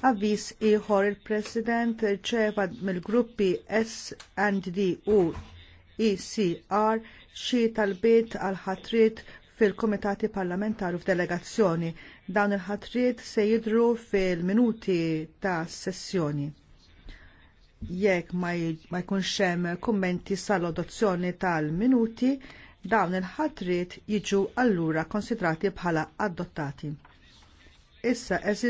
Avviż ieħor il-President ċeva mill-gruppi S&D u ECR xi talbiet għal ħatriet fil-Komitati Parlamentari f'Delegazzjoni. Dawn il-ħatriet se jidhru fil-minuti ta' sessjoni jekk ma jkunx hemm kummenti sal-adozzjoni tal-minuti, dawn il-ħatrit jiġu allura konsidrati bħala adottati. Issa eżis